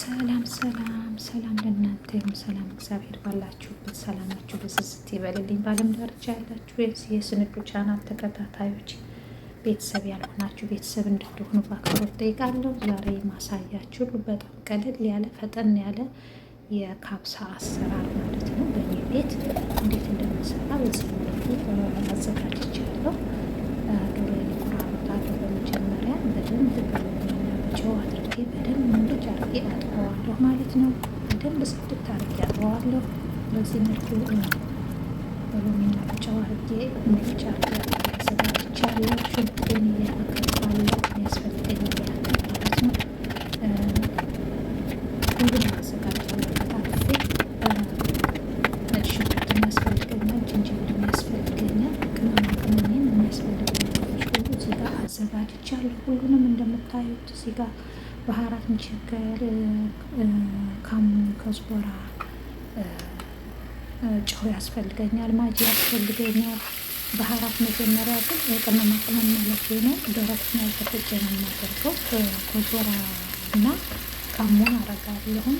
ሰላም ሰላም ሰላም ለእናንተ ይሁን። ሰላም እግዚአብሔር ባላችሁበት ሰላማችሁ ብዝዝት ይበልልኝ። በዓለም ዳርቻ ያላችሁ የስንዱ ቻናል ተከታታዮች ቤተሰብ ያልሆናችሁ ቤተሰብ እንድትሆኑ በአክብሮት ጠይቃለሁ። ዛሬ ማሳያችሁ በጣም ቀለል ያለ ፈጠን ያለ የካብሳ አሰራር ማለት ነው በእኔ ቤት እንዴት እንደምሰራ በዚህ መልኩ አዘጋጅቻለሁ። ዶሮ ሊቆራረጣለሁ በመጀመሪያ በደንብ እጠቅመዋለሁ ማለት ነው። በደንብ ጽድት አድርጌ አጥበዋለሁ። በዚህ መልኩ በሎሚና ጨው አድርጌ ነጭ አድርጌ አዘጋጅቻለሁ። ሽንኩርቴን የሚያስፈልገኝ ያክል ማለት ነው። ሁሉም አዘጋጅቻለሁ። ታርፌ ነጭ ሽንኩርት የሚያስፈልገኛል፣ ጅንጅብል የሚያስፈልገኛል፣ ቅመማ ቅመሜን የሚያስፈልገኝ ሁሉ እዚህ ጋር አዘጋጅቻለሁ። ሁሉንም እንደምታዩት እዚህ ጋር ባህራት ምቸገር፣ ካሙን፣ ከዝቦራ፣ ጨው ያስፈልገኛል፣ ማጅ ያስፈልገኛል። ባህራት መጀመሪያ ግን ቅመማ ቅመም ማለት ነው። ደረትና ተፈጭ ነው የማደርገው። ኮዞራ እና ካሞን አረጋለሁም፣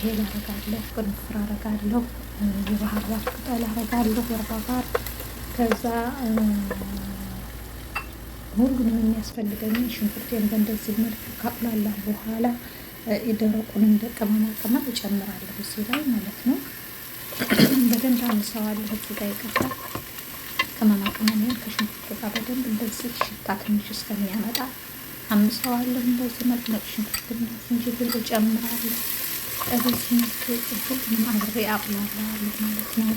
ሄል አረጋለሁ፣ ቅንፍር አረጋለሁ፣ የባህር ዛፍ ቅጠል አረጋለሁ፣ ወርባባር ከዛ ሁሉንም የሚያስፈልገኝ ሽንኩርቴን በእንደዚህ መልክ ካቁላላሁ በኋላ የደረቁን እንደ ቅመማ ቅመም እጨምራለሁ እዚህ ላይ ማለት ነው። በደንብ አንሰዋለሁ። እዚህ ጋር ይቀባ ቅመማ ቅመሜን ከሽንኩርት ጋር በደንብ እንደዚህ ሽታ ትንሽ እስከሚያመጣ አምሰዋለሁ። እንደዚህ መልክ ነጭ ሽንኩርትና ዝንጅብል እጨምራለሁ። በዚህ መልክ ሁሉንም አብሬ አቁላላለሁ ማለት ነው።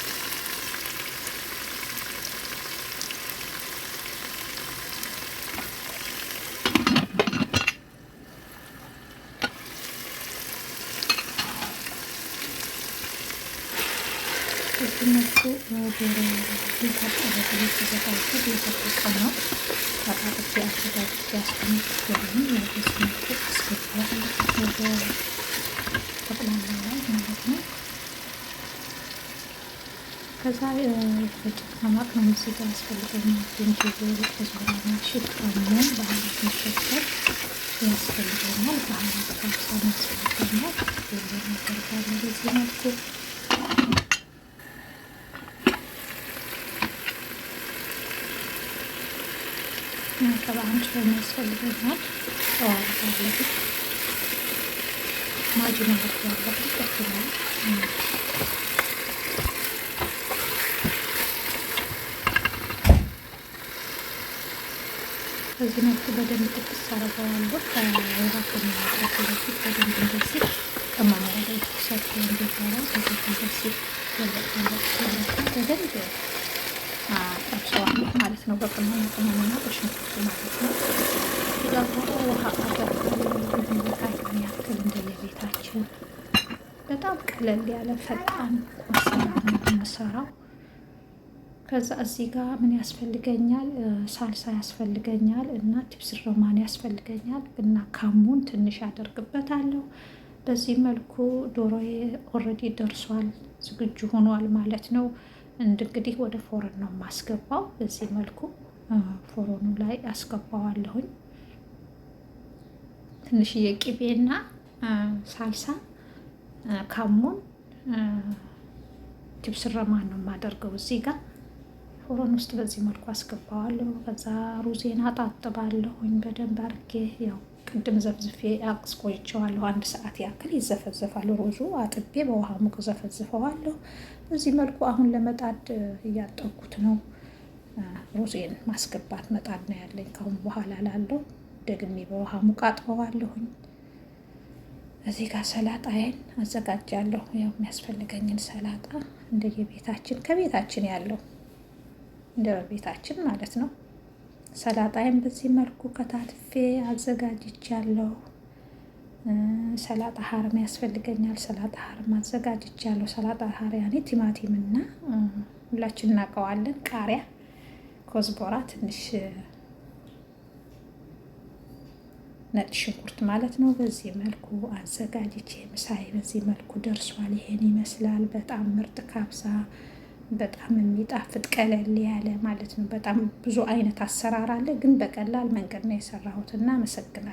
በዚህ መልኩ ዶሮ የታጠበ የተዘጋጀ የተፈቀ ነው። አጣጥቤ አዘጋጅቼ ያስቀምጥልኝ የዚህ መልኩ አስገባዋለሁ ወደ ጠቅላላ ላይ ማለት ነው። ከዛ የተፈጨ ነው ምስጋ ያስፈልገኛል። ዝንጅብል፣ ኮዝበራና ሽጣሙን ባህራት መሸከል ያስፈልገኛል። ባህራት ካሳ ያስፈልገኛል። ሌላ ነገር ባለ በዚህ መልኩ tabağın çevirmesi birbirine doğru bağladık. Macunları bağladık. Ekmeği. Özellikle bedenimde sarı bağladık. Bakın arkadaşlar bedenimdesi tamam oldu. Şartlarında falan özellikle böyle böyle böyle böyle እጨዋለሁ ማለት ነው። በቅመም ቅመምና በሽንኩርት ማለት ነው። ደግሞ ውሃ አደርጋለሁ ያክል እንደየቤታችን በጣም ቀለል ያለ ፈጣን ቁርስ የምሰራው። ከዛ እዚህ ጋር ምን ያስፈልገኛል? ሳልሳ ያስፈልገኛል እና ቲብስ ሮማን ያስፈልገኛል እና ካሙን ትንሽ አደርግበታለሁ። በዚህ መልኩ ዶሮዬ ኦልሬዲ ደርሷል፣ ዝግጁ ሆኗል ማለት ነው። እንግዲህ ወደ ፎረን ነው የማስገባው። በዚህ መልኩ ፎረኑ ላይ አስገባዋለሁኝ። ትንሽዬ ቅቤና ሳልሳ ካሞን ጅብስ ረማን ነው የማደርገው እዚህ ጋር ፎረን ውስጥ በዚህ መልኩ አስገባዋለሁ። ከዛ ሩዜና አጣጥባለሁኝ በደንብ አርጌ ያው ቅድም ዘፍዝፌ አቅስቆይቸዋለሁ። አንድ ሰዓት ያክል ይዘፈዘፋል ሩዙ። አጥቤ በውሃ ሙቅ ዘፈዝፈዋለሁ። በዚህ መልኩ አሁን ለመጣድ እያጠብኩት ነው። ሮዜን ማስገባት መጣድ ነው ያለኝ ከአሁን በኋላ ላለው ደግሜ በውሃ ሙቅ አጥበዋለሁኝ። እዚህ ጋር ሰላጣዬን አዘጋጃለሁ። ያው የሚያስፈልገኝን ሰላጣ እንደየቤታችን ከቤታችን ያለው እንደ ቤታችን ማለት ነው። ሰላጣዬን በዚህ መልኩ ከታትፌ አዘጋጅቻለሁ። ሰላጣ ሀርም ያስፈልገኛል። ሰላጣ ሀርም አዘጋጅቻለሁ። ሰላጣ ሀር ያኔ እና ሁላችን እናውቀዋለን፣ ቃሪያ፣ ኮዝቦራ፣ ትንሽ ነጭ ሽንኩርት ማለት ነው። በዚህ መልኩ አዘጋጅቼ ምሳዬ በዚህ መልኩ ደርሷል። ይሄን ይመስላል። በጣም ምርጥ ካብሳ፣ በጣም የሚጣፍጥ ቀለል ያለ ማለት ነው። በጣም ብዙ አይነት አሰራር አለ፣ ግን በቀላል መንገድ ነው የሰራሁት እና አመሰግናለሁ።